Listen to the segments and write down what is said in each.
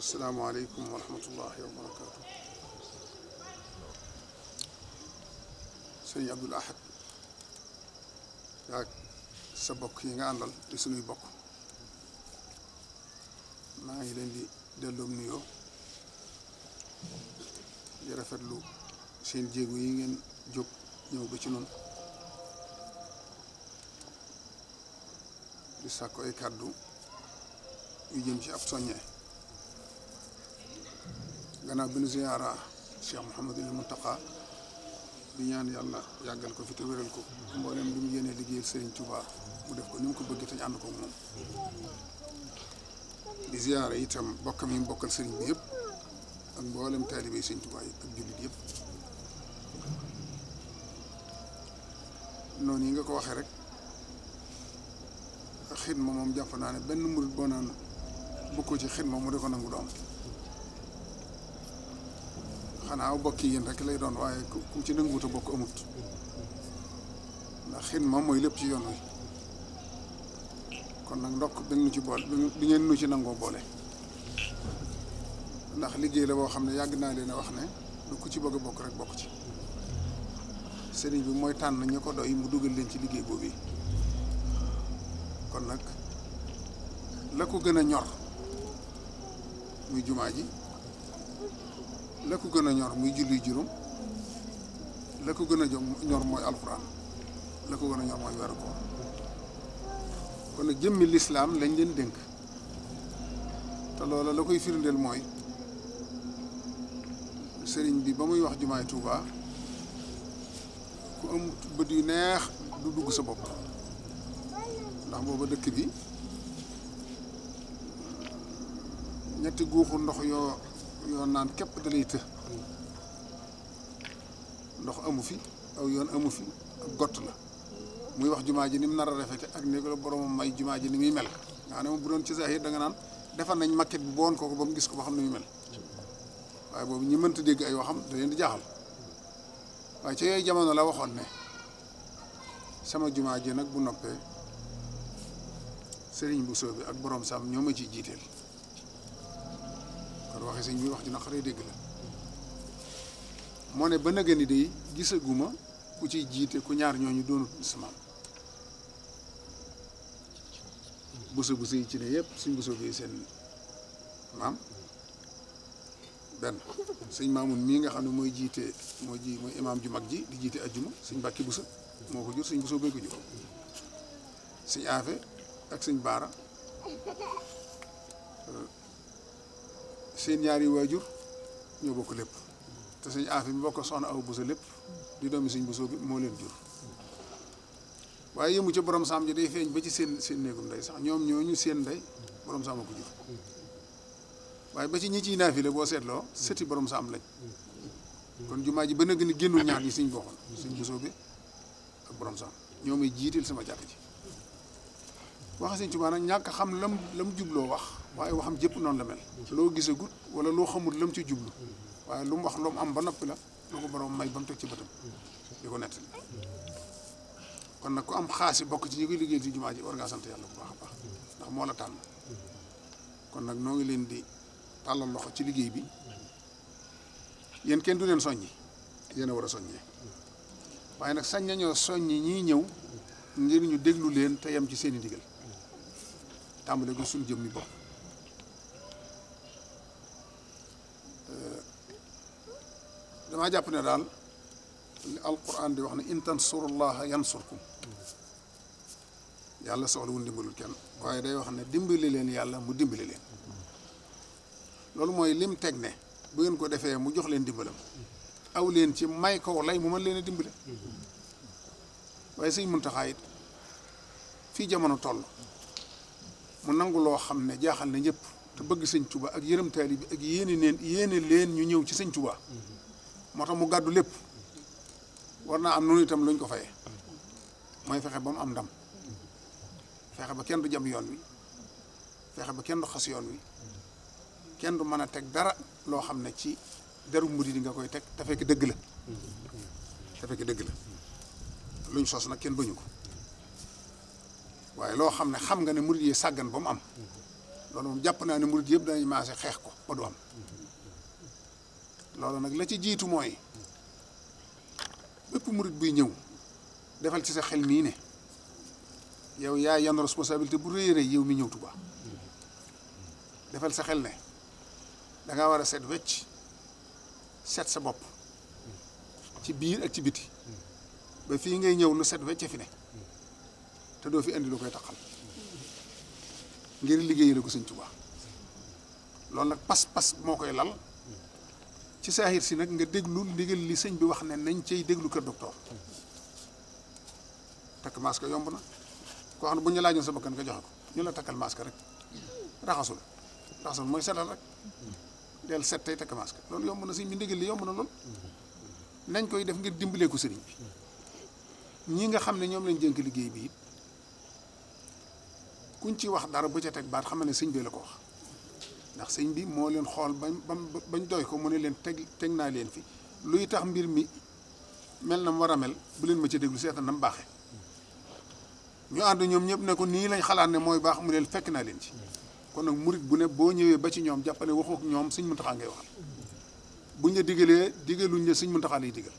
asalaamaaleykum wa rahmatullahi wa barakaatu sëñ Abdul Ahad yaag sa bokk yi nga àndal di suñuy bokk maa ngi leen di delloom nuyoo di rafetlu seen jéego yi ngeen jóg ñëw ba ci noonu di sàkk ay kàddu yu jëm ci ab soññee gannaaw bi nu ziyaara Cheikh Mouhamadul Mountakha di ñaan yàlla yàggal ko fi te ko mboolem li mu yéene liggéey Serigne Touba mu def ko ni mu ko bëggee te ñu ànd ko moom di ziyaara itam bokkam yi mbokkal bokkal Serigne bi yëpp ak mboolem taalibe yi Serigne Touba yi ak jullit yëpp noonu yi nga ko waxee rek xidma moom jàpp naa ne benn murit boo naan bu ko ci xidma mu de ko nangu doom xanaa aw bokk yéen rek lay doon waaye ku ci nanguwut a bokk amut ndax xin moom mooy lépp ci yoon wi kon nag ndokk bi nu ci boole bi ngeen nu ci nangoo boole ndax liggéey la boo xam ne yàgg naa leen wax ne lu ku ci bëgg a bokk rek bokk ci sëriñ bi mooy tànn ñu ko doy mu dugal leen ci liggéey boobu kon nag la ko gën a ñor muy jumaa ji la ko gën a ñor muy julli juróom la ko gën a ñor mooy alxuraan la ko gën a ñor mooy weeru koor kon nag jëmmi lislaam lañ leen dénk te loola la koy firndeel mooy sëriñ bi ba muy wax jumaay Tuuba ku am bët yu neex du dugg sa bopp ndax booba dëkk bi ñetti guuxu ndox yoo yoon naan képp da të ndox amu fi aw yoon amu fi ak gott la muy wax jumaa ji ni mu nar a rafete ak néeg la may jumaa ji ni muy mel nga xam ne moom bu doon ci zahir da nga naan defal nañ maquette bu boon kooku ba mu gis ko ba xam ne muy mel waaye boobu ñi mënta dégg ay waxam da leen di jaaxal waaye ci yooyu jamono la waxoon ne sama jumaa ji nag bu noppee sëriñ bu soobi ak borom sam ñoo ma ciy jiiteel war waxee sëñ bi wax ju naqaree dégg la moo ne ba nëgëni day gisaguma ku ci jiite ku ñaar ñooñu doonut ismaam buso buso yi ci ne yëpp suñ buso bi seen maam benn sëñ maamun mii nga xam ne mooy jiite moo ji mooy imaam ju mag ji di jiite ajjuma suñ bàkki buso moo ko jur suñ buso bee ko jur suñ aafe ak suñ baara seen ñaari waajur ñoo bokk lépp te sëñ Afi mi bokk soxna aw Bousso lépp di doomi suñ buso bi moo leen jur waaye yëmu ca borom saam ji day feeñ ba ci seen seen néegum ndey sax ñoom ñoo ñu seen ndey borom saam a ko jur waaye ba ci ñi ciy naafile boo seetloo seeti borom am lañ kon jumaa ji ba nag ni génnul ñaar ñi sëñ bokkoon sëñ Bousso bi ak borom saam ñoo may jiitil sama jàkk ji waxe sëñ Tuubaa nag ñàkk xam lam lam jubloo wax waaye waxam jépp noonu la mel loo gisagut wala loo xamul la mu ci jublu waaye lu mu wax lu mu am ba noppi la lu ko borom may ba mu teg ci bëtam di ko nettali kon nag ku am xaasi bokk ci ñi liggéey ci jumaa ji war ngaa yàlla bu baax a baax ndax moo la nag noo ngi leen di tàllal loxo ci liggéey bi yéen kenn du leen soññi yéen a war a soññee waaye nag sañ nañoo soññi ñiy ñëw ngir ñu déglu leen te yam ci seeni i ndigal tàmbale ko suñu jëm mi bopp damaa jàpp ne daal li alquran di wax ne in tansurullaha yansurkum yàlla soxla wun dimbalul kenn waaye day wax ne dimbali leen yàlla mu dimbali leen loolu mooy lim teg ne bu ngeen ko defee mu jox leen dimbalam aw leen ci may kaw lay mu mën leen a waaye sëñ Muntaxa it fii jamono toll mu nangu loo xam ne jaaxal na ñëpp te bëgg sëñ Tuubaa ak yërëm bi ak yéene neen leen ñu ñëw ci sëñ Tuubaa moo tax mu gàddu lépp war naa am noonu itam lu ñu ko fayee mooy fexe ba mu am ndam fexe ba kenn du jam yoon wi fexe ba kenn du xas yoon wi kenn du mën a teg dara loo xam ne ci deru murid yi nga koy teg te fekk dëgg la te dëgg la luñ sos nag kenn bañu ko waaye loo xam ne xam nga ne murid yi sàggan ba mu am loolu moom jàpp naa ne murid yëpp danañ maase xeex ko ba du am loolu nag la ci jiitu mooy bépp murit buy ñëw defal ci sa xel mii ne yow yaa yan responsabilité bu rëy rëy yow mi ñëw Tuubaa defal sa xel ne da war a set wecc set sa bopp ci biir ak ci biti ba fii ngay ñëw lu set wecc fi ne te doo fi indi lu koy taxal ngir liggéeyal ko Sëñ Tuubaa loolu nag pas-pas moo koy lal. ci saaxiir si nag nga déglu ndigal li sëñ bi wax ne nañ cay déglu kër docteur takk masque yomb na koo xam ne bu ñu laajoon sa bakkan nga joxe ko ñu la takkal masque rek raxasul raxasul mooy setal rek del set tey takk masque loolu yomb na sëñ bi ndigal li yomb na lool nañ koy def ngir dimbalee ko sëriñ bi ñi nga xam ne ñoom lañ jënk liggéey bi kuñ ci wax dara bu ca teg baat xam ne sëñ bi la ko wax ndax sëñ bi moo leen xool bañ bañ doy ko mu ne leen teg teg naa leen fi luy tax mbir mi mel na mu war a mel bu leen ma ci déglu seetal na mu baaxee ñu ànd ñoom ñëpp ne ko nii lañ xalaat ne mooy baax mu leen fekk naa leen ci kon nag murit bu ne boo ñëwee ba ci ñoom jàppale waxoo ak ñoom sëñ Muntaxa ngay waxal buñ diggalee digalee digaluñ la sëñ Muntaxa lay digal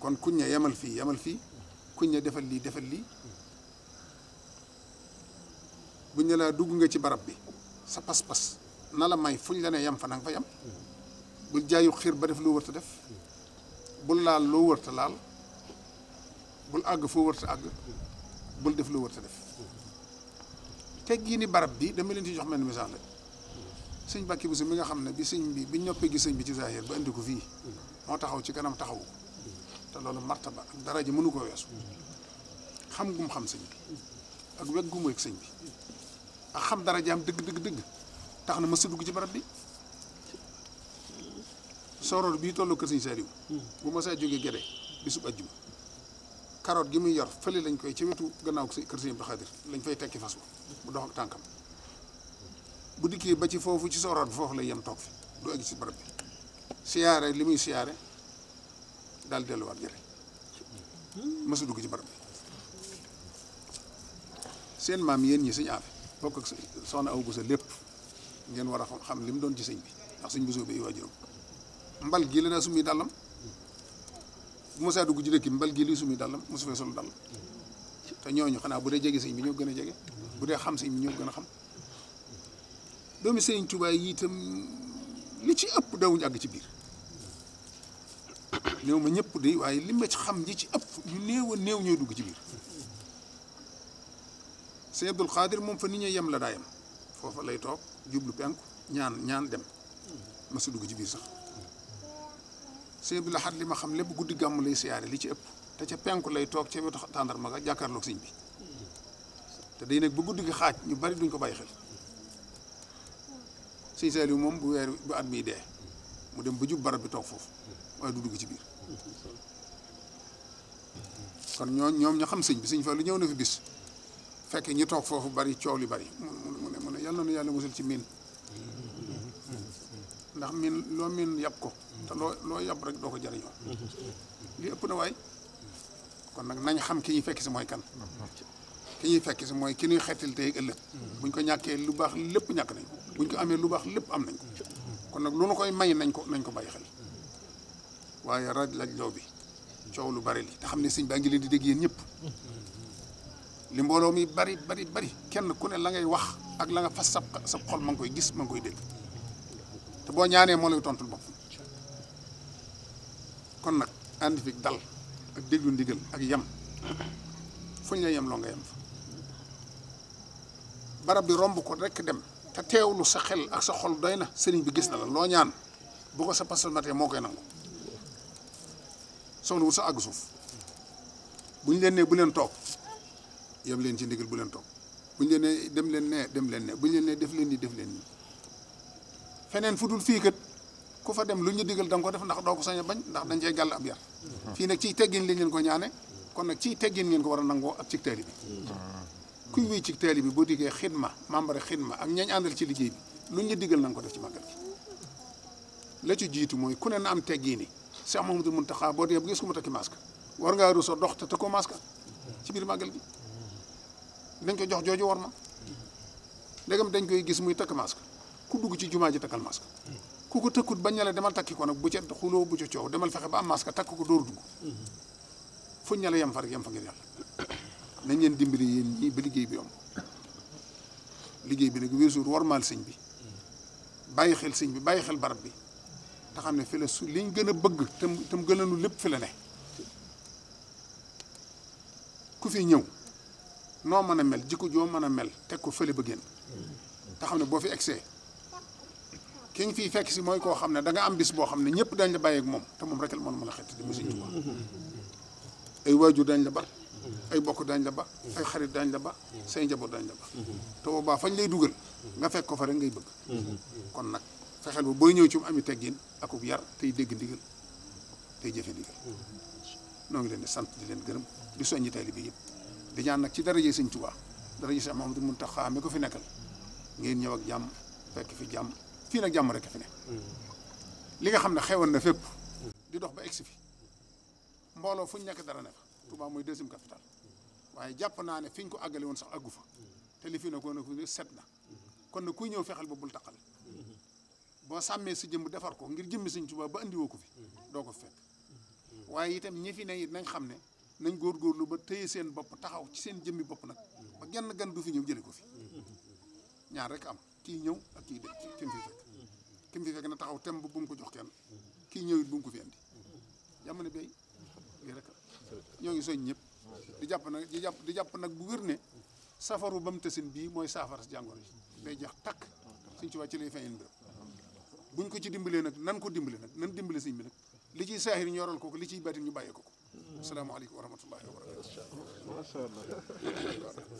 kon kuñ ne yemal fii yemal fii kuñ ne defal lii defal lii bu ne laa dugg nga ci barab bi. sa pas-pas na la may fuñ la ne yem fa nanga fa yem bul jaayu xiir ba def loo wërta def bul laal loo wërta laal bul àgg foo wërta àgg bul def loo wërta def ni barab bi dama leen ci jox mel misaal rek sëñ bàkki bi mi nga xam ne bi sëñ bi bi noppee gi sëñ bi ci zahir ba indi ko fii moo taxaw ci kanam taxawu te loolu ba ak daraja mënu koo weesu xam gum xam sëñ bi ak weg gumu ak sëñ bi ak xam dara jaam dëgg dëgg dëgg tax na ma si dugg ci barab bi soroor bii tolloo kër Sëñ Saliou bu ma saa gi muy yor lañ koy ci wetu gannaaw kër Sëñ Abdou Khadir lañ fay tekki fas bu dox ak tànkam ba ci foofu ci soroor bi foofu lay toog fi du egg ci li muy siyaare daal delluwaat Gédé ma dugg ci barab seen maam yéen ñi Sëñ Afe bokk ak soxna aw busa lépp ngeen war a xam li mu doon ci sëñ bi ndax sëñ busa bi waajuram mbal gii la daa sumi dàllam bu ma dugg ci dëkk mbal gii li sumi dàllam mosu fee sol dàll te ñooñu xanaa bu dee jege sëñ bi ñoo gën a jege bu dee xam sëñ bi ñoo gën a xam doomi sëñ Tuubaa yi li ci ëpp dawuñu àgg ci biir néew ma ñëpp di waaye li ma xam ñi ci ëpp ñu néew néew ñooy dugg ci biir sëñ Abdul Xaadir moom fa nit ñi yem la daa yem foofa lay toog jublu penku ñaan ñaan dem ma si dugg ci biir sax sëñ la xat li ma xam lépp guddi gàmm lay siyaare li ci ëpp te ca penku lay toog ca wetu tàndarma ga jàkkaarloog sëñ bi te day nekk ba guddi gi xaaj ñu bari duñ ko bàyyi xel sëñ yi moom bu weer bu at miy dee mu dem ba jub barab bi toog foofu waaye du dugg ci biir kon ñoo ñoom ña xam sëñ bi sëñ fa lu ñëw na fi bis fekk ñu toog foofu bari coow li bari mu ne mu ne yàlla na yàlla musul ci miin ndax miin loo miin yàpp ko te loo loo yàpp rek doo ko jariñoo li ëpp na waay kon nag nañ xam ki ñuy fekk si mooy kan ki ñuy fekk si mooy ki nuy xettil tey ëllëg buñ ko ñàkkee lu baax lépp ñàkk nañ ko buñ ko amee lu baax lépp am nañ ko kon nag lu nu koy may nañ ko nañ ko bàyyi xel waaye raj laj loo bi coow lu bari li te xam ne sëñ baa ngi leen di dégg yéen ñëpp li mbooloo mi bari bari bari kenn ku ne la ngay wax ak la nga fas sab sab xol ma ngi koy gis ma ngi koy dégg te boo ñaanee moo lay tontul bopp kon nag ànd fi dal ak déglu ndigal ak yem fuñ la yem loo nga yam fa barab bi romb ko rekk dem te teewlu sa xel ak sa xol doy na sëriñ bi gis na la loo ñaan bu ko sa pasal matee moo koy nangu soxla wut sa àgg suuf bu ñu leen nee bu leen toog yam leen ci ndigal bu leen topp buñ leen ne dem leen ne dem leen ne buñ leen ne def leen di def leen nii feneen fu dul fii kat ku fa dem lu ñu digal da ko def ndax doo ko sañ bañ ndax dañ cee gàll ab yar mm-hmm. fii nag ciy teggin lañ leen ko ñaane kon nag ciy teggin ngeen ko war a nangoo ak ci taali bi mm-hmm. kuy wéy ci taali bi boo diggee xidma membre xidma ak ñañ àndal ci liggéey lu ñu digal na nga ko def ci màggal gi la ci jiitu mooy ku ne na am teggin ni Cheikh Mahamadou Mountakha boo dee bu gis ko mu takki masque war ngaa rusa dox te te ko masque ci biir màggal gi dañ ko jox jooju war ma ndegam dañ koy gis muy takk masque ku dugg ci jumaa ji takkal masque ku ko tëkkut bañ ne la demal takki ko nag bu ca xuloo bu ca coow demal fexe ba am masque takk ko dóor dugg fuñ ne la yem fa rek yem fa ngir yàlla nañ leen dimbali yéen ñii ba liggéey bi yomb liggéey bi nag weesuur warmaal sëñ bi bàyyi xel sëñ bi bàyyi xel barab bi te xam ne fi la su liñ gën a bëgg tam tam gënanu lépp fi la ne ku fi ñëw noo mën a mel jikko joo mën a mel teg ko fële ba génn te xam ne boo fi egsee ki fii fekk si mooy koo xam ne danga am bis boo xam ne ñëpp dañ la bàyyeeg moom te moom rek la mën a mën a xet di mu Sëñ ay waajur dañ la ba ay bokk dañ la ba ay xarit dañ la ba say njaboot dañ la ba te boobaa fañ lay dugal nga fekk ko fa rek ngay bëgg kon nag fexeel ba booy ñëw ci mu ami teggin akub yar tey dégg ndigal tey jëfe ndigal noo ngi leen sant di leen gërëm di soññi taalibe yëpp di nag ci daraje sëñ Tuubaa daraje Cheikh Mahamadou Muntaxa mi ko fi nekkal ngeen ñëw ak jàmm fekk fi jàmm fii nag jàmm rek fi ne li nga xam ne xewoon na fépp di dox ba egsi fi mbooloo fu ñu nekk dara ne fa Touba mooy deuxième capitale waaye jàpp naa ne fiñ ko àggale woon sax àggu fa te li fi ne ko ne set na kon na kuy ñëw fexel ba bul taqal boo sàmmee si jëmm defar ko ngir jëmmi Sëñ tubaa ba indiwoo ko fi doo ko fekk waaye itam ñi ne nañ xam ne nañ góor góorgóorlu ba téye seen bopp taxaw ci seen jëmmi bopp nag ba genn gan du fi ñëw jële ko fi ñaar rek am kii ñëw ak kii de na taxaw tem bu mu ko jox kenn kii ñëw it bu ko fi andi jamono bay ñoo ngi ñëpp jàpp nag di jàpp di jàpp nag bu wér ne safaru ba mu bii mooy saafara si jàngoro ji day jeex takk suñ ci wàcc lay fayeen mbir buñ ko ci dimbalee nag nan ko dimbale nag nan dimbale sëñ bi nag li ciy saaxir ñoral ko ko li ciy baatin ñu bàyyee ko ko asalaamaaleykum wa rahmatullahi wa barakatu. macha allah.